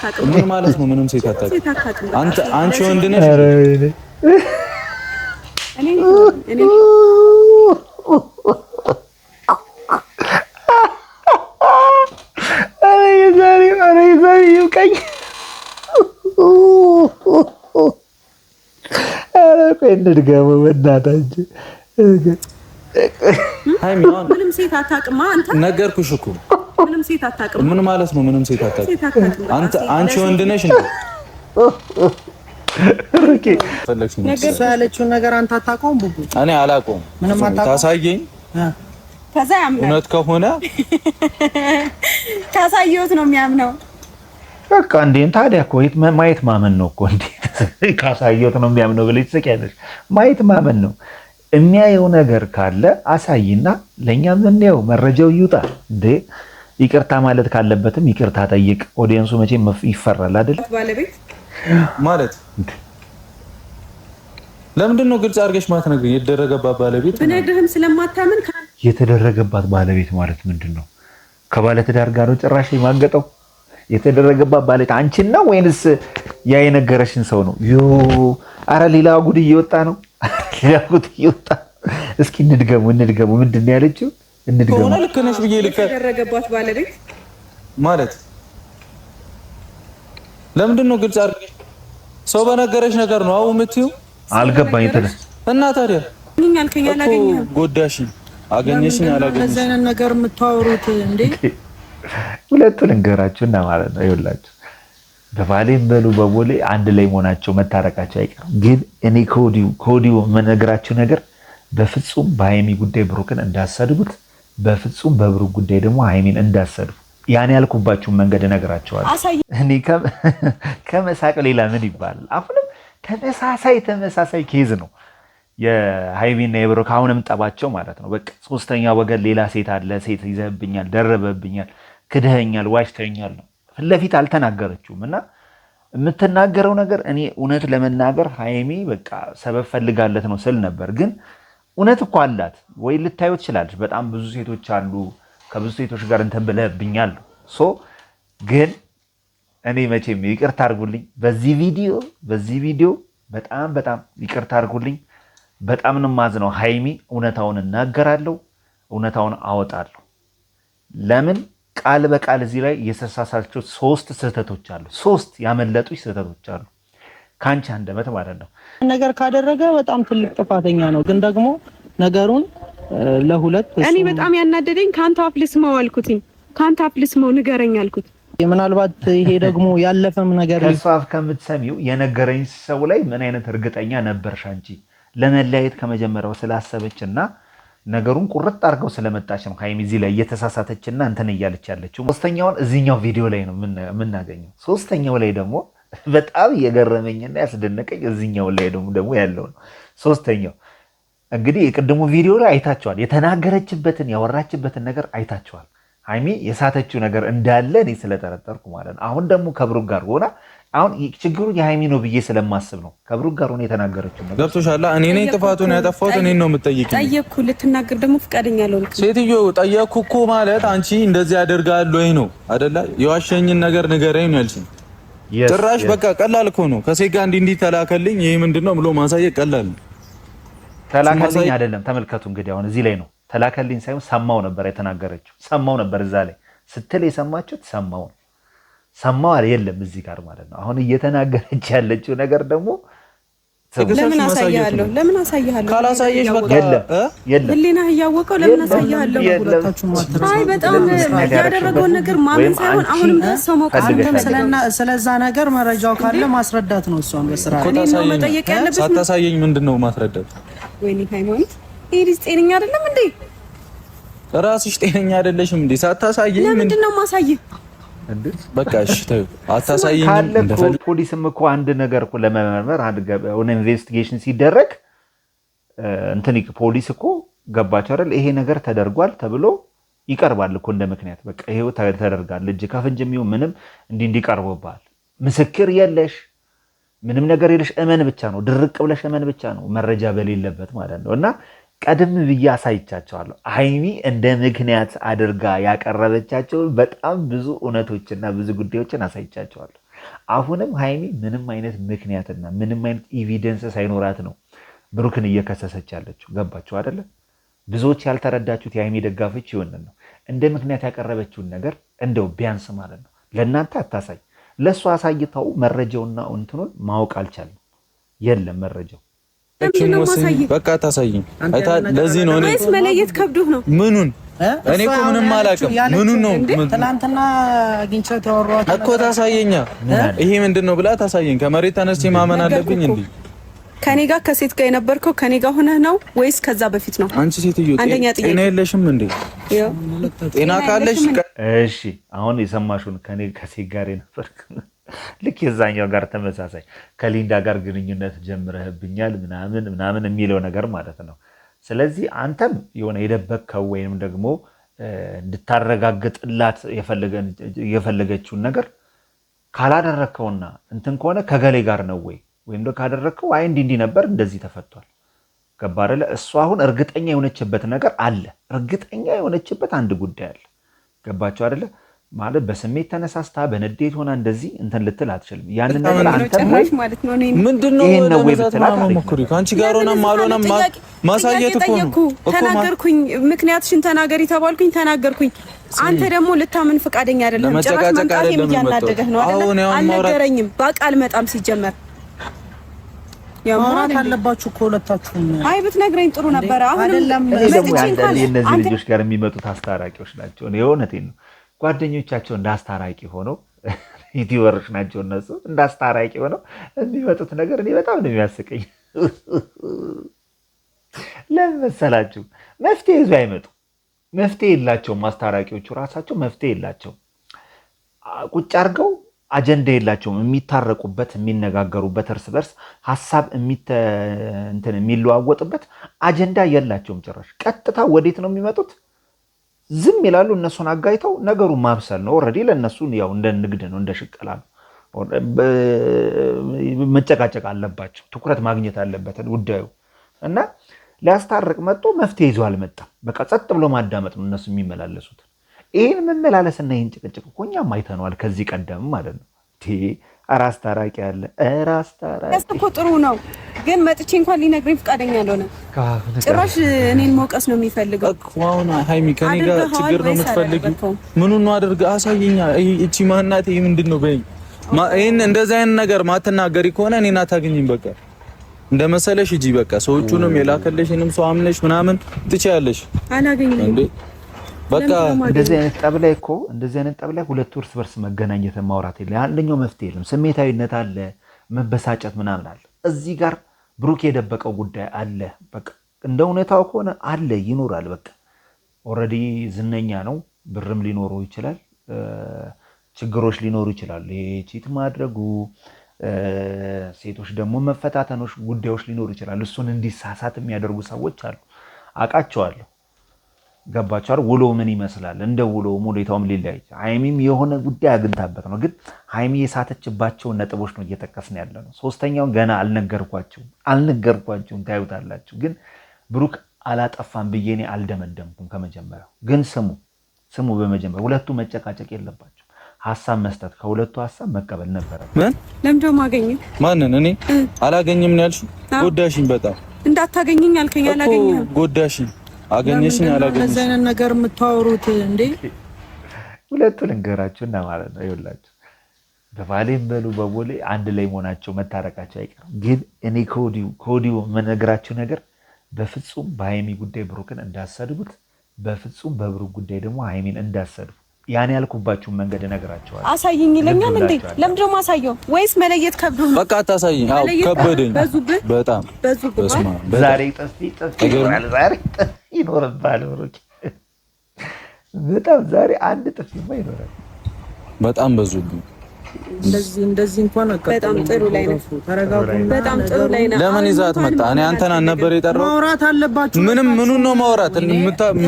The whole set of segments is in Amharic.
ሴት ምን ማለት ነው? ምንም ሴት አታውቅም። አንተ አንቺ ወንድ ነሽ። እኔ እኔ ምንም ሴት አታውቅም። አንተ ነገርኩሽ እኮ ምንም ሴት አታውቅም። ምን ማለት ነው? ምንም ሴት አታውቅም። አንቺ ወንድ ነሽ እንዴ? ያለችውን ነገር አንተ አታውቀውም። ቡቡ እኔ አላውቀውም። ታሳየኝ። ከዛ ያምናል። እውነት ከሆነ ካሳየሁት ነው የሚያምነው። በቃ እንዴ ታዲያ እኮ ማየት ማመን ነው እኮ እንዴ። ካሳየሁት ነው የሚያምነው ብለሽ ትስቂያለሽ። ማየት ማመን ነው። የሚያየው ነገር ካለ አሳይና ለእኛም እንየው፣ መረጃው ይውጣ እንዴ ይቅርታ ማለት ካለበትም ይቅርታ ጠይቅ። ኦዲየንሱ መቼም ይፈራል አይደል? ባለቤት ማለት ለምንድን ነው ግልጽ አድርገሽ ማትነግሪኝ? የተደረገባት ባለቤት ብነግርህም ስለማታምን የተደረገባት ባለቤት ማለት ምንድን ነው? ከባለትዳር ጋር ነው ጭራሽ የማገጠው። የተደረገባት ባለቤት አንቺን ነው ወይንስ ያ የነገረሽን ሰው ነው? ዩ አረ ሌላ ጉድ እየወጣ ነው፣ ሌላ ጉድ እየወጣ እስኪ እንድገሙ እንድገሙ ምንድን ነው ያለችው? እንድገሆነ ልክ ነሽ ብዬ ልክ ያደረገባት ባለቤት ማለት ለምንድን ነው ግልጽ አድርገሽ ሰው በነገረሽ ነገር ነው አው የምትይው አልገባኝ ተለ እና ታዲያ ምንኛል ከያላገኘ ጎዳሽኝ አገኘሽኝ አላገኘሽ ነገር የምታወሩት እንዴ ሁለቱ ልንገራችሁ እና ማለት ነው ይኸውላችሁ በባሌም በሉ በቦሌ አንድ ላይ መሆናቸው መታረቃቸው አይቀርም። ግን እኔ ከወዲሁ ከወዲሁ የምነግራችሁ ነገር በፍጹም በሀይሚ ጉዳይ ብሩክን እንዳሰድቡት በፍጹም በብሩክ ጉዳይ ደግሞ ሀይሚን እንዳሰዱ ያን ያልኩባችሁን መንገድ እነግራቸዋለሁ። እኔ ከመሳቅ ሌላ ምን ይባላል? አሁንም ተመሳሳይ ተመሳሳይ ኬዝ ነው የሀይሚና የብሩክ አሁንም ጠባቸው ማለት ነው። በቃ ሶስተኛ ወገን ሌላ ሴት አለ፣ ሴት ይዘህብኛል፣ ደረበብኛል፣ ክደኸኛል፣ ዋሽተኛል ነው። ፊት ለፊት አልተናገረችውም እና የምትናገረው ነገር እኔ እውነት ለመናገር ሀይሚ በቃ ሰበብ ፈልጋለት ነው ስል ነበር ግን እውነት እኮ አላት ወይ ልታዩ ትችላለች። በጣም ብዙ ሴቶች አሉ፣ ከብዙ ሴቶች ጋር እንትን ብለህብኛል። ሶ ግን እኔ መቼም ይቅርታ አድርጉልኝ በዚህ ቪዲዮ በዚህ ቪዲዮ በጣም በጣም ይቅርታ አድርጉልኝ። በጣም ንማዝ ነው ሀይሚ፣ እውነታውን እናገራለሁ፣ እውነታውን አወጣለሁ። ለምን ቃል በቃል እዚህ ላይ የተሳሳቸው ሶስት ስህተቶች አሉ፣ ሶስት ያመለጡኝ ስህተቶች አሉ። ከአንቺ አንደበት ማለት ነው። ነገር ካደረገ በጣም ትልቅ ጥፋተኛ ነው። ግን ደግሞ ነገሩን ለሁለት እኔ በጣም ያናደደኝ ከአንተ አፍ ልስማው አልኩትኝ። ከአንተ አፍ ልስማው ንገረኝ አልኩት። ምናልባት ይሄ ደግሞ ያለፈም ነገር ከእሱ አፍ ከምትሰሚው የነገረኝ ሰው ላይ ምን አይነት እርግጠኛ ነበርሽ አንቺ? ለመለያየት ከመጀመሪያው ስላሰበች እና ነገሩን ቁርጥ አድርገው ስለመጣች ነው ሀይሚ እዚህ ላይ እየተሳሳተች እና እንትን እያለች ያለችው። ሶስተኛውን እዚህኛው ቪዲዮ ላይ ነው የምናገኘው። ሶስተኛው ላይ ደግሞ በጣም የገረመኝና ያስደነቀኝ እዚኛው ላይ ደግሞ ያለው ነው። ሶስተኛው እንግዲህ የቅድሙ ቪዲዮ ላይ አይታችኋል። የተናገረችበትን ያወራችበትን ነገር አይታችኋል። ሀይሚ የሳተችው ነገር እንዳለ እኔ ስለጠረጠርኩ ማለት ነው። አሁን ደግሞ ከብሩክ ጋር ሆና አሁን ችግሩ የሀይሚ ነው ብዬ ስለማስብ ነው። ከብሩክ ጋር ሆና የተናገረችው ነገር ገብቶሻላ። እኔ ነኝ ጥፋቱን ያጠፋሁት እኔ ነው የምጠይቅ። ጠየቅኩ፣ ልትናገር ደግሞ ፍቃደኛ ለሆን ሴትዮ ጠየቅኩ እኮ ማለት አንቺ እንደዚህ አደርጋለሁ ወይ ነው አደላ? የዋሸኝን ነገር ንገረኝ ነው ያልሽኝ ጭራሽ በቃ ቀላል እኮ ነው። ከሴት ጋር እንዲህ እንዲህ ተላከልኝ ይሄ ምንድነው ብሎ ማሳየት ቀላል ተላከልኝ አይደለም። ተመልከቱ እንግዲህ አሁን እዚህ ላይ ነው ተላከልኝ ሳይሆን ሰማው ነበር የተናገረችው። ሰማው ነበር እዛ ላይ ስትል የሰማችሁት ሰማው ሰማው የለም እዚህ ጋር ማለት ነው። አሁን እየተናገረች ያለችው ነገር ደግሞ ለምን አሳያለሁ? ለምን አሳያለሁ? ካላሳየሽ በቃ የለም። ህሊና እያወቀው ለምን አሳያለሁ? አይ በጣም ያደረገውን ነገር ማመን ሳይሆን አሁንም ድረስ ሰው ስለና ስለዛ ነገር መረጃው ካለ ማስረዳት ነው። እሷን በስራ ነው መጠየቅ ያለብኝ። ሳታሳየኝ ምንድን ነው ማስረዳት? ወይኔ ሃይማኖት፣ ይህ ልጅ ጤነኛ አይደለም እንዴ? ራስሽ ጤነኛ አይደለሽም እንዴ? ሳታሳየኝ ለምንድን ነው ማሳየህ? በቃ እሺ ተይው፣ አታሳይኝ። ፖሊስም እኮ አንድ ነገር ለመመርመር ኢንቨስቲጌሽን ሲደረግ እንትን ፖሊስ እኮ ገባች አይደል? ይሄ ነገር ተደርጓል ተብሎ ይቀርባል እኮ እንደ ምክንያት። በቃ ይሄው ተደርጋል፣ እጅ ከፍንጅ የሚሆን ምንም እንዲህ እንዲቀርቡባል። ምስክር የለሽ ምንም ነገር የለሽ፣ እመን ብቻ ነው ድርቅ ብለሽ እመን ብቻ ነው መረጃ በሌለበት ማለት ነው እና ቀደም ብዬ አሳይቻቸዋለሁ። ሀይሚ እንደ ምክንያት አድርጋ ያቀረበቻቸው በጣም ብዙ እውነቶችና ብዙ ጉዳዮችን አሳይቻቸዋለሁ። አሁንም ሀይሚ ምንም አይነት ምክንያትና ምንም አይነት ኤቪደንስ ሳይኖራት ነው ብሩክን እየከሰሰች ያለችው። ገባችሁ አይደለም? ብዙዎች ያልተረዳችሁት የሀይሚ ደጋፊዎች ይሆንን ነው። እንደ ምክንያት ያቀረበችውን ነገር እንደው ቢያንስ ማለት ነው ለእናንተ አታሳይ፣ ለእሱ አሳይታው መረጃውና እንትኑን ማወቅ አልቻለም። የለም መረጃው በቃ ታሳይኝ። ለዚህ ነው እኔ መለየት ከብዶህ ነው። ምኑን እኔ እኮ ምንም አላውቅም። ምኑን ነው እኮ ታሳየኛ። ይሄ ምንድን ነው ብላ ታሳየኝ። ከመሬት ተነስቼ ማመን አለብኝ እንዴ? ከኔ ጋር ከሴት ጋር የነበርከው ከኔ ጋር ሆነህ ነው ወይስ ከዛ በፊት ነው? አንቺ ሴትዮ ጤና የለሽም እንዴ? ጤና ካለሽ እሺ። አሁን የሰማሽውን ከኔ ከሴት ጋር የነበርክ ልክ የዛኛው ጋር ተመሳሳይ ከሊንዳ ጋር ግንኙነት ጀምረህብኛል ምናምን ምናምን የሚለው ነገር ማለት ነው። ስለዚህ አንተም የሆነ የደበቅከው ወይም ደግሞ እንድታረጋግጥላት የፈለገችውን ነገር ካላደረግከውና እንትን ከሆነ ከገሌ ጋር ነው ወይ ወይም ደግሞ ካደረግከው አይ እንዲህ እንዲህ ነበር እንደዚህ ተፈቷል። ገባ አይደለ? እሱ አሁን እርግጠኛ የሆነችበት ነገር አለ። እርግጠኛ የሆነችበት አንድ ጉዳይ አለ። ገባቸው አይደለ? ማለት በስሜት ተነሳስታ በንዴት ሆና እንደዚህ እንትን ልትል አትችልም። ያንን ነገር አንተ ማለት ምንድን ነው ይሄን ነው ወይ ብትላት ከአንቺ ጋር ሆነም አልሆነም ማሳየት እኮ ነው። ተናገርኩኝ፣ ምክንያትሽን ተናገሪ ተባልኩኝ፣ ተናገርኩኝ። አንተ ደግሞ ልታምን ፈቃደኛ አይደለም። ጭራሽ መምጣት የሚያናደደህ ነው አይደለ? አልነገረኝም፣ በቃ አልመጣም ሲጀመር ማውራት አለባችሁ እኮ ሁለታችሁም። አይ ብትነግረኝ ጥሩ ነበረ። አሁንም እኔ ደግሞ እነዚህ ልጆች ጋር የሚመጡት አስታራቂዎች ናቸው። የእውነቴን ነው ጓደኞቻቸው እንዳስታራቂ ሆነው ዩቲዩበሮች ናቸው እነሱ እንዳስታራቂ ሆነው የሚመጡት ነገር እኔ በጣም ነው የሚያስቀኝ። ለምን መሰላችሁ? መፍትሄ ይዞ አይመጡ። መፍትሄ የላቸውም። ማስታራቂዎቹ ራሳቸው መፍትሄ የላቸውም። ቁጭ አድርገው አጀንዳ የላቸውም። የሚታረቁበት፣ የሚነጋገሩበት፣ እርስ በርስ ሀሳብ የሚለዋወጥበት አጀንዳ የላቸውም። ጭራሽ ቀጥታ ወዴት ነው የሚመጡት? ዝም ይላሉ። እነሱን አጋይተው ነገሩን ማብሰል ነው። ኦልሬዲ ለእነሱ ያው እንደ ንግድ ነው፣ እንደ ሽቀላ ነው። መጨቃጨቅ አለባቸው። ትኩረት ማግኘት አለበት ጉዳዩ እና ሊያስታርቅ መጥቶ መፍትሄ ይዞ አልመጣም። በቃ ጸጥ ብሎ ማዳመጥ ነው እነሱ የሚመላለሱት። ይህን መመላለስና ይህን ጭቅጭቅ እኮ እኛም አይተነዋል ከዚህ ቀደም ማለት ነው። አራስ ታራቂ አለ። ራስ ታራቂ እኮ ጥሩ ነው፣ ግን መጥቼ እንኳን ሊነግረኝ ፈቃደኛ አልሆነ። ጭራሽ እኔን መውቀስ ነው የሚፈልገው እኮ አሁን። ሃይሚ ከኔ ጋር ችግር ነው የምትፈልጊው? ምኑን ነው አድርገ አሳየኛ። እቺ ማናት? ይሄ ምንድን ነው በይኝ። ይሄን እንደዚህ አይነት ነገር ማትናገሪ ከሆነ እኔን አታገኝም። በቃ እንደ መሰለሽ ሂጂ። በቃ ሰዎቹንም የላከለሽንም ሰው አምነሽ ምናምን ትችያለሽ። አላገኝም እንዴ በቃ እንደዚህ አይነት ጠብ ላይ እኮ እንደዚህ አይነት ጠብ ላይ ሁለቱ እርስ በርስ መገናኘት ማውራት የለ አንደኛው መፍትሄ የለም። ስሜታዊነት አለ፣ መበሳጨት ምናምን አለ። እዚህ ጋር ብሩክ የደበቀው ጉዳይ አለ። በቃ እንደ ሁኔታው ከሆነ አለ ይኖራል። በቃ ኦልሬዲ ዝነኛ ነው፣ ብርም ሊኖረው ይችላል፣ ችግሮች ሊኖሩ ይችላል። ቺት ማድረጉ ሴቶች ደግሞ መፈታተኖች፣ ጉዳዮች ሊኖሩ ይችላል። እሱን እንዲሳሳት የሚያደርጉ ሰዎች አሉ፣ አውቃቸዋለሁ ገባቸዋል። ውሎ ምን ይመስላል? እንደ ውሎ ሁኔታውም ሊለያይ ሀይሚም የሆነ ጉዳይ አግኝታበት ነው፣ ግን ሀይሚ የሳተችባቸውን ነጥቦች ነው እየጠቀስን ያለ ነው። ሶስተኛውን ገና አልነገርኳቸውም አልነገርኳቸውም ታዩታላችሁ። ግን ብሩክ አላጠፋም ብዬ እኔ አልደመደምኩም ከመጀመሪያው። ግን ስሙ ስሙ፣ በመጀመሪያ ሁለቱ መጨቃጨቅ የለባቸው ሀሳብ መስጠት ከሁለቱ ሀሳብ መቀበል ነበረ። ምን ለምደ ማገኘ ማንን እኔ አላገኝም ያልሽ ጎዳሽኝ፣ በጣም እንዳታገኝኝ አልከኝ፣ አላገኝ ጎዳሽኝ አገኘሽኝ አላገኘሽኝ እንደዚህ ነገር የምታወሩት እንዴ? ሁለቱ ልንገራችሁ እና ማለት ነው ይላችሁ በባሌም በሉ በቦሌ አንድ ላይ መሆናቸው መታረቃቸው አይቀርም። ግን እኔ ከወዲሁ የምነግራችሁ ነገር በፍጹም በሀይሚ ጉዳይ ብሩክን እንዳሰድቡት፣ በፍጹም በብሩክ ጉዳይ ደግሞ ሀይሚን እንዳሰድቡ ያን ያልኩባችሁን መንገድ እነግራቸዋለሁ። አሳይኝ ይለኛል እንዴ? ለምን ደግሞ አሳየው? ወይስ መለየት ከብዶ በቃ አታሳይኝ። አዎ ከበደኝ፣ በጣም በዙብህ። ዛሬ ጥፊ ጥፊ ይኖራል፣ ዛሬ ጥፊ ይኖርብሃል። ብሩኬ በጣም ዛሬ አንድ ጥፊማ ይኖራል። በጣም በዙብህ እንደዚህ እንደዚህ እንኳን በጣም ጥሩ ላይ ነው። ተረጋጉ። በጣም ጥሩ ላይ ነው። ለምን ይዛት መጣ? እኔ አንተና ነበር የጠራው። ማውራት አለባችሁ። ምንም ምኑን ነው ማውራት?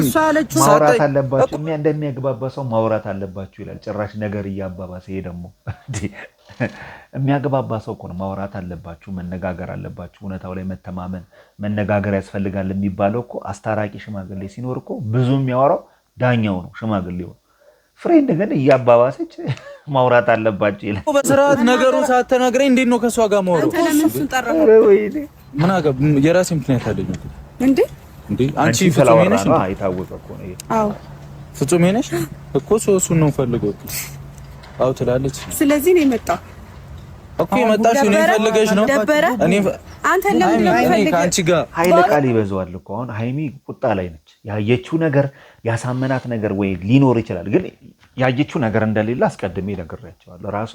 እሱ አለችው ማውራት አለባችሁ። እንደሚያግባባ ሰው ማውራት አለባችሁ ይላል። ጭራሽ ነገር እያባባሰ ይሄ ደግሞ የሚያግባባ ሰው እኮ ነው። ማውራት አለባችሁ፣ መነጋገር አለባችሁ። እውነታው ላይ መተማመን መነጋገር ያስፈልጋል የሚባለው እኮ አስታራቂ ሽማግሌ ሲኖር እኮ ብዙ የሚያወራው ዳኛው ነው ሽማግሌው ፍሬ ግን እያባባሰች ማውራት አለባቸው ይላል። በስርዓት ነገሩ ሳትነግረኝ እንዴት ነው ከእሷ ጋር ማውራት? ምን የራሴ ምክንያት አለኝ እንዴ አንቺ ነሽ? የታወቀ እኮ ነው። አዎ ነሽ እኮ እሱን ነው ፈልገው። አዎ ትላለች። ስለዚህ ነው የመጣው እኮ የመጣሽ ነው ፈልገሽ ነው እኔ አንተ ከአንቺ ጋር ኃይለ ቃል ይበዛዋል እኮ አሁን ሀይሚ ቁጣ ላይ ነች። ያየችው ነገር ያሳመናት ነገር ወይ ሊኖር ይችላል፣ ግን ያየችው ነገር እንደሌለ አስቀድሜ ነግሬያቸዋለሁ። ራሷ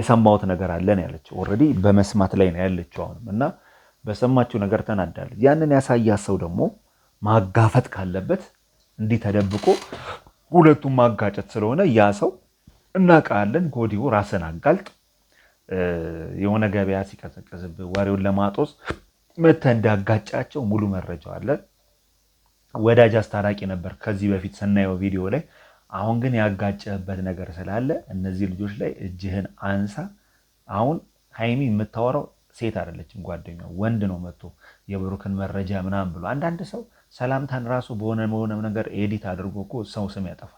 የሰማሁት ነገር አለ ነው ያለችው። ኦልሬዲ በመስማት ላይ ነው ያለችው አሁንም እና በሰማችው ነገር ተናዳለች። ያንን ያሳያት ሰው ደግሞ ማጋፈጥ ካለበት እንዲህ ተደብቆ ሁለቱም ማጋጨት ስለሆነ ያ ሰው እናውቃለን፣ ከወዲሁ ራስን አጋልጥ የሆነ ገበያ ሲቀዘቅዝብህ ወሬውን ለማጦስ መተህ እንዳጋጫቸው ሙሉ መረጃው አለ። ወዳጅ አስታራቂ ነበር ከዚህ በፊት ስናየው ቪዲዮ ላይ። አሁን ግን ያጋጨህበት ነገር ስላለ እነዚህ ልጆች ላይ እጅህን አንሳ። አሁን ሀይሚ የምታወራው ሴት አይደለችም፣ ጓደኛው ወንድ ነው። መጥቶ የብሩክን መረጃ ምናምን ብሎ አንዳንድ ሰው ሰላምታን ራሱ በሆነ በሆነ ነገር ኤዲት አድርጎ እኮ ሰው ስም ያጠፋል።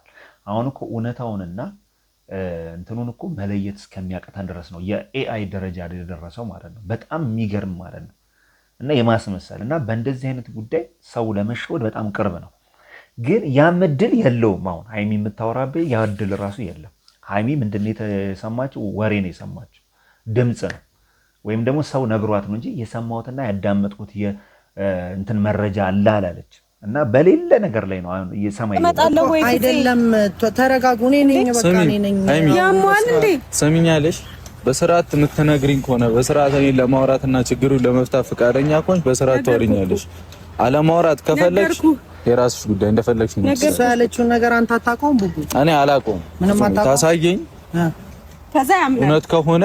አሁን እኮ እውነታውንና እንትኑን እኮ መለየት እስከሚያቅተን ድረስ ነው የኤአይ ደረጃ የደረሰው ማለት ነው። በጣም የሚገርም ማለት ነው። እና የማስመሰል እና በእንደዚህ አይነት ጉዳይ ሰው ለመሸወድ በጣም ቅርብ ነው። ግን ያም እድል የለውም። አሁን ሀይሚ የምታወራብህ ያ እድል የለም። ሀይሚ ምንድን የሰማችው ወሬ ነው የሰማችው ድምፅ ነው ወይም ደግሞ ሰው ነግሯት ነው እንጂ የሰማሁትና ያዳመጥኩት እንትን መረጃ አለ አላለች። እና በሌለ ነገር ላይ ነው አሁን እየሰማይ አይደለም። ተረጋጉ። እኔ ነኝ በቃ እኔ ነኝ። ያማል እንዴ ሰሚኛለሽ። በስርዓት የምትነግሪኝ ከሆነ በስርዓት እኔ ለማውራትና ችግሩን ለመፍታት ፍቃደኛ ከሆንሽ በስርዓት ታወሪኛለሽ። አለማውራት ከፈለግሽ የራስሽ ጉዳይ እንደፈለግሽ ነው። ነገር ያለችውን ነገር አንተ አታውቀውም። ቡቡ እኔ አላውቀውም። ምንም አታውቀውም። ታሳየኝ እውነት ከሆነ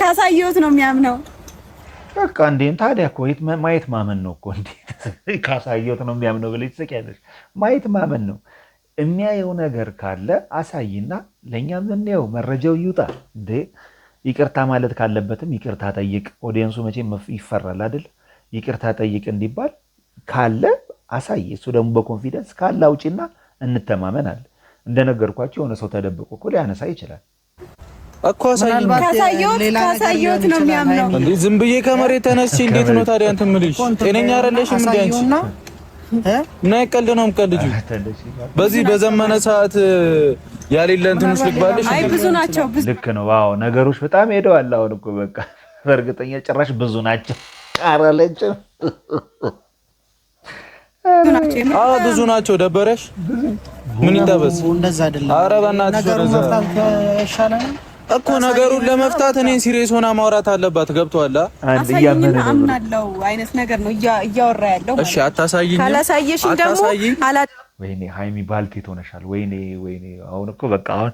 ካሳየሁት ነው የሚያምነው በቃ እንዴ ታዲያ እኮ ማየት ማመን ነው እኮ እንዴ! ካሳየሁት ነው የሚያምነው ብለሽ ትስቂያለሽ። ማየት ማመን ነው። የሚያየው ነገር ካለ አሳይና ለእኛም እንየው፣ መረጃው ይውጣ እንዴ። ይቅርታ ማለት ካለበትም ይቅርታ ጠይቅ። ኦዲየንሱ መቼም ይፈራል አይደል? ይቅርታ ጠይቅ እንዲባል ካለ አሳይ። እሱ ደግሞ በኮንፊደንስ ካለ አውጪና እንተማመን አለ። እንደነገርኳቸው የሆነ ሰው ተደብቆ እኮ ሊያነሳ ይችላል። እኮ ካሳየሁት ነው የሚያምነው እንዴ? ዝም ብዬ ከመሬት ተነስቼ እንዴት ነው ታዲያ እንትን የምልሽ? ጤነኛ አይደለሽም እንዴ አንቺ? ምን አይቀልድ ነው የምቀልጁ? በዚህ በዘመነ ሰዓት ያሌለ እንትን ውስጥ ልግባለሽ? አይ ብዙ ናቸው። ልክ ነው። አዎ ነገሮች በጣም ሄደዋል። አሁን እኮ በቃ በእርግጠኛ ጭራሽ ብዙ ናቸው። አራለች አዎ ብዙ ናቸው። ደበረሽ? ምን ይታበስ? እንደዛ አይደለም። ኧረ በእናትሽ እኮ ነገሩን ለመፍታት እኔን ሲሪየስ ሆና ማውራት አለባት። ገብቷል። አንድ ያመነ ነው አምናለው አይነት ነገር ነው እያወራ ያለው። እሺ አታሳይኝ። ካላሳየሽኝ ደግሞ አላ ወይኔ ሀይሚ ባልቴት ሆነሻል። ወይኔ ወይኔ። አሁን እኮ በቃ አሁን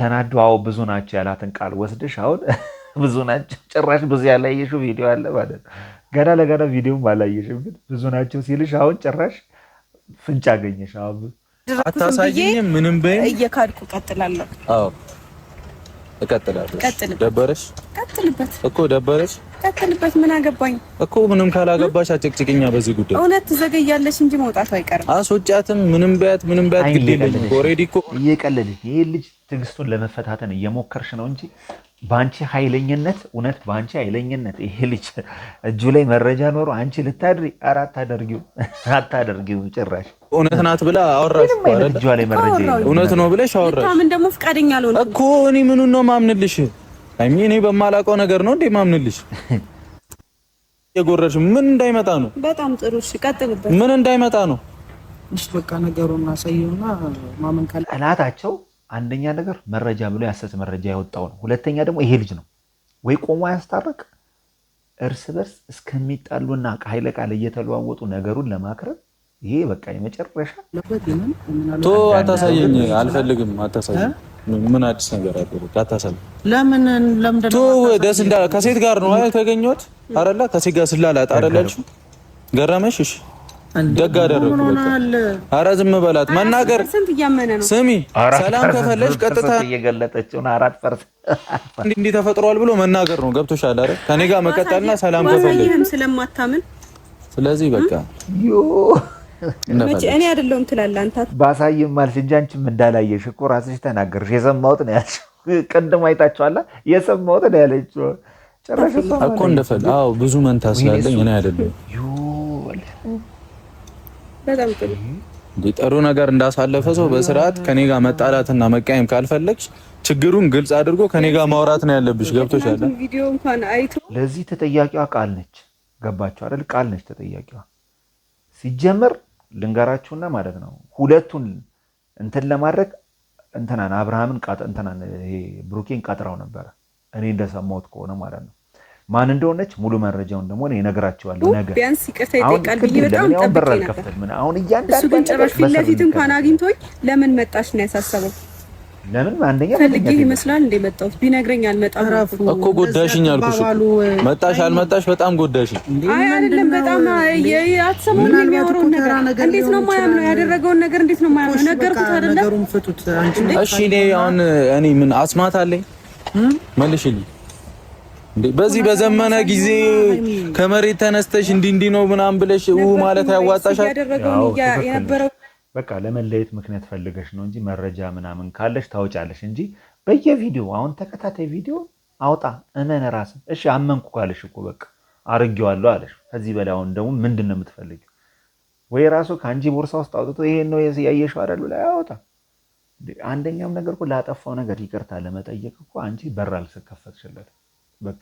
ተናዱ። አዎ ብዙ ናቸው ያላትን ቃል ወስደሽ አሁን ብዙ ናቸው። ጭራሽ ብዙ ያላየሽው ቪዲዮ አለ ማለት ነው። ገና ለገና ቪዲዮም አላየሽም፣ ግን ብዙ ናቸው ሲልሽ አሁን ጭራሽ ፍንጭ አገኘሽ። አሁን አታሳይኝም ምንም በይ፣ እየካድኩ ቀጥላለሁ። አዎ እቀጥላለሁ። ደበረሽ? ቀጥልበት እኮ ደበረሽ? ቀጥልበት። ምን አገባኝ እኮ ምንም ካላገባሽ አጭቅጭቅኛ በዚህ ጉዳይ እውነት ትዘገያለሽ እንጂ መውጣቱ አይቀርም። አስወጫትም ምንም ቢያት ምንም ቢያት ግድ የለኝም። ኦልሬዲ እኮ እየቀለድን ይሄ ልጅ ትዕግስቱን ለመፈታተን እየሞከርሽ ነው እንጂ በአንቺ ኃይለኝነት እውነት በአንቺ ኃይለኝነት ይሄ ልጅ እጁ ላይ መረጃ ኖሮ አንቺ ልታድሪ ኧረ አታደርጊው አታደርጊው ጭራሽ እውነት ናት ብላ አወራሽ እጇ ላይ መረጃ እውነት ነው ብለሽ አወራሽ ምን ደግሞ ፍቃደኛ አልሆነ እኮ እኔ ምኑ ነው ማምንልሽ አይሚ እኔ በማላውቀው ነገር ነው እንዴ ማምንልሽ የጎረሽ ምን እንዳይመጣ ነው በጣም ጥሩ እሺ ቀጥልበት ምን እንዳይመጣ ነው እሺ በቃ ነገሩን አሳየውና ማመን ካለ እላታቸው አንደኛ ነገር መረጃ ብሎ ያሰት መረጃ ያወጣው ነው። ሁለተኛ ደግሞ ይሄ ልጅ ነው ወይ ቆሞ ያስታረቅ እርስ በርስ እስከሚጣሉና ኃይለ ቃል እየተለዋወጡ ነገሩን ለማክረብ ይሄ በቃ የመጨረሻ ቶ አታሳየኝ፣ አልፈልግም፣ አታሳየኝ። ምን አዲስ ነገር አለ? አታሳየኝ። ለምን ለምንድን ደስ እንዳለ ከሴት ጋር ነው የተገኘሁት አረላ ከሴት ጋር ስላላት አይደላችሁ ገረመሽ? እሺ ደግ አደረኩ። ኧረ ዝም በላት መናገር ስሚ፣ ሰላም ከፈለሽ ቀጥታ እየገለጠችውን አራት ፐርሰንት እንዲህ ተፈጥሯል ብሎ መናገር ነው። ገብቶሻል አይደል? ከኔ ጋር መቀጠልና ሰላም ከፈለሽ ስለማታምን፣ ስለዚህ በቃ እኔ አይደለሁም ትላለህ አንተ። ባሳይም ማለት እንጂ አንቺም እንዳላየሽ እኮ ራስሽ ተናገርሽ። የሰማሁት ነው ያልሽው። ቅድም አይታችኋላ። የሰማሁት ነው ያለችው። ጭራሽ እኮ እንደፈል አዎ፣ ብዙ መንታ ስላለኝ እኔ አይደለሁም በጣም ጥሩ ጥሩ ነገር እንዳሳለፈ ሰው በስርዓት ከኔ ጋር መጣላትና መቃየም ካልፈለግሽ ችግሩን ግልጽ አድርጎ ከኔ ጋር ማውራት ነው ያለብሽ። ገብቶሻል? ቪዲዮ እንኳን አይቶ ለዚህ ተጠያቂዋ ቃል ነች። ገባችሁ አይደል? ቃል ነች ተጠያቂዋ። ሲጀመር ልንገራችሁና ማለት ነው ሁለቱን እንትን ለማድረግ እንትናን አብርሃምን እንትናን ይሄ ብሩኬን ቀጥረው ነበረ እኔ እንደሰማሁት ከሆነ ማለት ነው ማን እንደሆነች ሙሉ መረጃውን ደግሞ እኔ እነግራቸዋለሁ። ነገር ቢያንስ ይቅርታ ይጠይቃል ብዬ በጣም ጠብቄ ነበር። አሁን እያንዳንዱ ግን ጭራሽ ፊት ለፊት እንኳን አግኝቶኝ ለምን መጣሽ ነው ያሳሰበው። ለምን አንደኛ ፈልጌ ይመስላል እንደ መጣሁት ቢነግረኝ አልመጣም እኮ ጎዳሽኝ አልኩሽ። መጣሽ አልመጣሽ በጣም ጎዳሽኝ። አይ አይደለም በጣም አትሰማውም የሚያወራውን ነገር እንዴት ነው የማያምነው? ያደረገውን ነገር እንዴት ነው የማያምነው? ነገርኩት አይደለም። እሺ እኔ አሁን እኔ ምን አስማት አለኝ መልሽልኝ በዚህ በዘመነ ጊዜ ከመሬት ተነስተሽ እንዲህ እንዲህ ነው ምናምን ብለሽ ማለት ያዋጣሻል። በቃ ለመለየት ምክንያት ፈልገሽ ነው እንጂ መረጃ ምናምን ካለሽ ታውጫለሽ እንጂ በየቪዲዮ አሁን ተከታታይ ቪዲዮ አውጣ እመን ራስ። እሺ አመንኩ ካለሽ እኮ በቃ አርጌዋለሁ አለሽ። ከዚህ በላይ አሁን ደግሞ ምንድን ነው የምትፈልጊው? ወይ ራሱ ከአንቺ ቦርሳ ውስጥ አውጥቶ ይሄን ነው ያየሽው አይደሉ ላይ አውጣ። አንደኛውም ነገር እኮ ላጠፋው ነገር ይቅርታ ለመጠየቅ እኮ አንቺ በር አልከፈትሽለትም። በቃ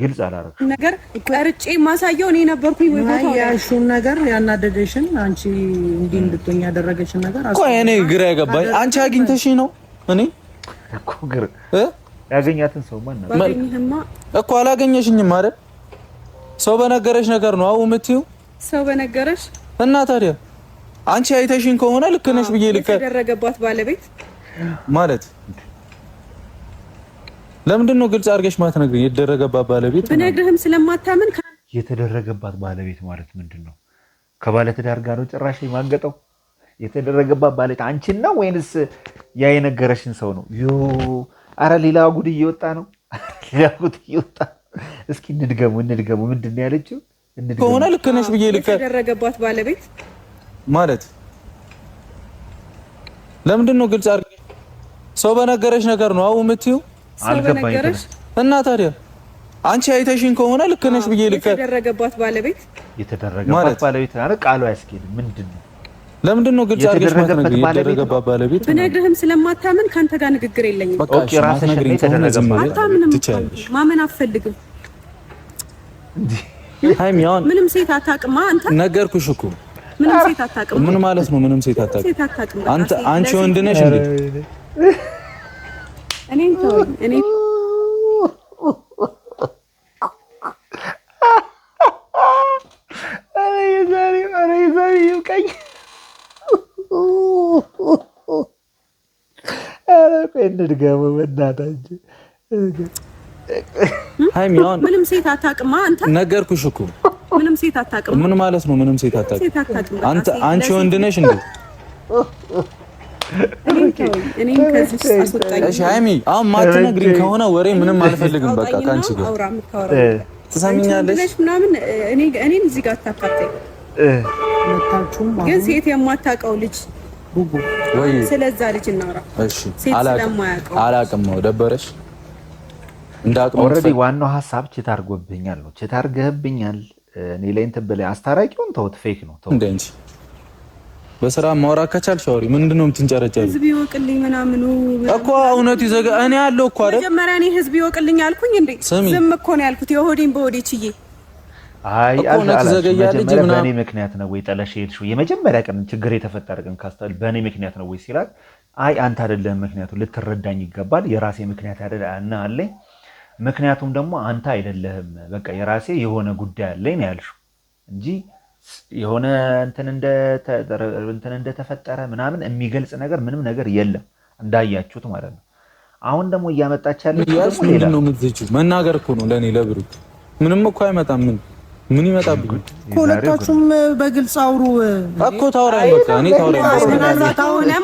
ግልጽ አላረግሽም ነገር ቀርጬ ማሳየው እኔ ነበርኩኝ ወይ ቦታ ያሹን ነገር ያናደደሽን አንቺ እንዲህ እንድትሆኝ ያደረገሽን ነገር እኔ ግራ አንቺ አግኝተሽ ነው እኔ እኮ ያገኛትን ሰው ማን ነበር እኮ አላገኘሽኝም አይደል ሰው በነገረሽ ነገር ነው አው የምትይው ሰው በነገረሽ እና ታዲያ አንቺ አይተሽኝ ከሆነ ልክ ነሽ ብዬ ልክ ያደረገባት ባለቤት ማለት ለምንድን ነው ግልጽ አድርገሽ ማትነግሪኝ? የተደረገባት ባለቤት ብነግርህም ስለማታምን የተደረገባት ባለቤት ማለት ምንድን ነው? ከባለትዳር ጋር ነው ጭራሽ የማገጠው። የተደረገባት ባለቤት አንቺን ነው ወይንስ ያ የነገረሽን ሰው ነው? ዩ አረ ሌላ ጉድ እየወጣ ነው፣ ሌላ ጉድ እየወጣ እስኪ እንድገሙ እንድገሙ። ምንድን ነው ያለችው? ከሆነ ልክ ነሽ ብዬ ልክ የተደረገባት ባለቤት ማለት ለምንድን ነው ግልጽ አድርገሽ ሰው በነገረሽ ነገር ነው አው የምትይው አልገባኝም። እና ታዲያ አንቺ አይተሽኝ ከሆነ ልክ ነሽ ብዬ ልክ የተደረገባት ባለቤት የተደረገባት ባለቤት አረ ቃሉ አያስኬድም። ምንድን ነው ለምንድን ነው ግልጽ አድርገሽ የተደረገባት ባለቤት ብነግርህም ስለማታምን ካንተ ጋር ንግግር የለኝም። ኦኬ ራስሽ ነው የተደረገባት አታምንም። ማመን አትፈልግም። ሃይሚ አሁን ምንም ሴት አታውቅማ። አንተ ነገርኩሽ እኮ ምንም ሴት አታውቅም። ምን ማለት ነው? ምንም ሴት አታውቅም። አንተ አንቺ ወንድ ነሽ እንዴ? እኔን ተወኝ። እኔ ይብቃኝ። እንድገመው በእናታችን ምንም ሴት አታውቅማ። አንተ ነገርኩሽ እኮ ምንም ሴት አታውቅም። ምን ማለት ነው? ምንም ሴት አታውቅም። አንቺ ወንድ ነሽ እንዴ? ሀይሚ አሁን ማትነግሪኝ ከሆነ ወሬ ምንም አልፈልግም። በቃ ከአንቺ ጋር ትሰሚኛለሽ ምናምን እዚህ ጋር አታካተኝ። ግን ሴት የማታውቀው ልጅ ወይ ስለዛ ልጅ እናውራ። ነው ደበረሽ። ኦልሬዲ ዋናው ሀሳብ ቼት አድርጎብኛል ነው ቼት አድርገህብኛል። እኔ ላይ እንትን ብለህ አስታራቂውን ተውት፣ ፌክ ነው ተውት በስራ ማውራት ከቻልሽ አውሪ። ምንድን ነው የምትንጨረጨሪው? ህዝብ ይወቅልኝ ምናምኑ እኮ እውነቱ ይዘጋ። እኔ ያለው እኮ አይደል መጀመሪያ እኔ ህዝብ ይወቅልኝ አልኩኝ እንዴ? ዝም እኮ ነው ያልኩት። የሆዴን በሆዴ ችዬ አይ አልዘገያለች ምናምን በእኔ ምክንያት ነው ወይ ጠለሽ ሄድሽ? የመጀመሪያ ቀን ችግር የተፈጠረ ቀን ካስተል በእኔ ምክንያት ነው ወይ ሲላት፣ አይ አንተ አይደለም ምክንያቱ፣ ልትረዳኝ ይገባል። የራሴ ምክንያት አይደል እና አለኝ። ምክንያቱም ደግሞ አንተ አይደለህም፣ በቃ የራሴ የሆነ ጉዳይ አለኝ ነው ያልሽው እንጂ የሆነ እንትን እንደተፈጠረ ምናምን የሚገልጽ ነገር ምንም ነገር የለም እንዳያችሁት ማለት ነው። አሁን ደግሞ እያመጣች ያለው መናገር እኮ ነው ለእኔ ለብሩክ ምንም እኮ አይመጣም። ምን ምን ይመጣብኝ? ሁለታችሁም በግልጽ አውሩ እኮ ታውራኝ። በቃ እኔ ታውራኝ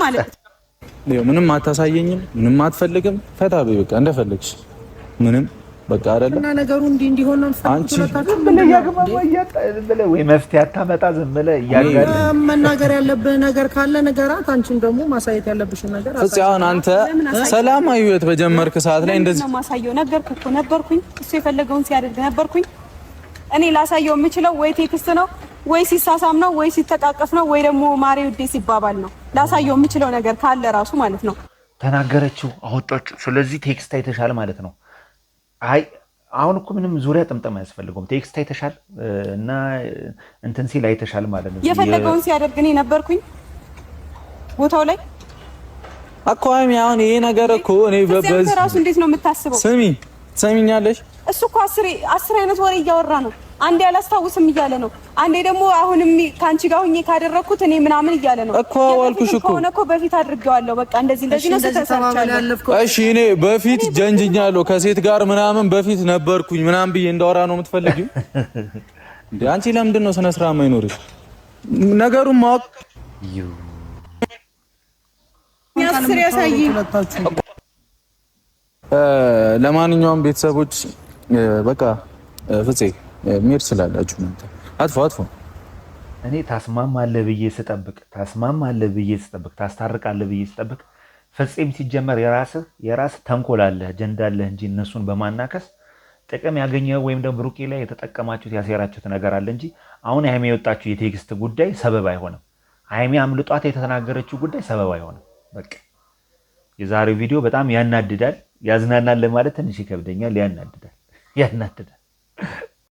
ምንም አታሳየኝም፣ ምንም አትፈልግም። ፈታ በይ በቃ እንደፈለግሽ ምንም በቃ አይደለ እና ነገሩ እንዲህ እንዲሆን ነው። አንቺ ወይ መፍትሄ አታመጣ ዝም ብለህ መናገር ያለብህ ነገር ካለ ነገራት። አንቺም ደግሞ ማሳየት ያለብሽ ነገር አንተ ሰላማዊ ህይወት በጀመርክ ሰዓት ላይ እንደዚህ ማሳየው ነገርኩ እኮ ነበርኩኝ። እሱ የፈለገውን ሲያደርግ ነበርኩኝ። እኔ ላሳየው የምችለው ወይ ቴክስት ነው ወይ ሲሳሳም ነው ወይ ሲተቃቀፍ ነው ወይ ደግሞ ማሬ ውዴ ሲባባል ነው። ላሳየው የምችለው ነገር ካለ ራሱ ማለት ነው። ተናገረችው፣ አወጣችሁ። ስለዚህ ቴክስት አይተሻል ማለት ነው አይ አሁን እኮ ምንም ዙሪያ ጥምጥም አያስፈልገውም። ቴክስት አይተሻል እና እንትን ሲል አይተሻል ማለት ነው። የፈለገውን ሲያደርግ እኔ ነበርኩኝ ቦታው ላይ አቋሚ። አሁን ይሄ ነገር እኮ እኔ በዚህ ራሱ እንዴት ነው የምታስበው? ስሚ ሰሚኛለሽ እሱ እኮ አስር አይነት ወሬ እያወራ ነው። አንዴ አላስታውስም እያለ ነው። አንዴ ደግሞ አሁንም ከአንቺ ጋር ሁኜ ካደረግኩት እኔ ምናምን እያለ ነው እኮ አልኩሽ እኮ ሆነ እኮ በፊት አድርጌዋለሁ። በቃ እንደዚህ እንደዚህ ነው ተሰርቻለሁ። እሺ እኔ በፊት ጀንጅኛለሁ ከሴት ጋር ምናምን በፊት ነበርኩኝ ምናምን ብዬ እንዳወራ ነው የምትፈልጊው? እንደ አንቺ ለምንድን ነው ስነ ስርዓት የማይኖርሽ? ነገሩን ማወቅ ለማንኛውም ቤተሰቦች በቃ ፍፄ ሜድ ስላላችሁ እናንተ አጥፎ አጥፎ እኔ ታስማማለህ ብዬ ስጠብቅ ታስማማለህ ብዬ ስጠብቅ ታስታርቃለህ ብዬ ስጠብቅ ፍፄም ሲጀመር የራስህ የራስህ ተንኮል አለህ አጀንዳ አለህ እንጂ እነሱን በማናከስ ጥቅም ያገኘው ወይም ደግሞ ብሩኬ ላይ የተጠቀማችሁት ያሴራችሁት ነገር አለ እንጂ አሁን ሃይሜ የወጣችሁ የቴክስት ጉዳይ ሰበብ አይሆንም። ሃይሜ አምልጧት የተናገረችው ጉዳይ ሰበብ አይሆንም። በቃ የዛሬው ቪዲዮ በጣም ያናድዳል። ያዝናናል ለማለት ትንሽ ይከብደኛል። ያናድዳል። Cennetlidir.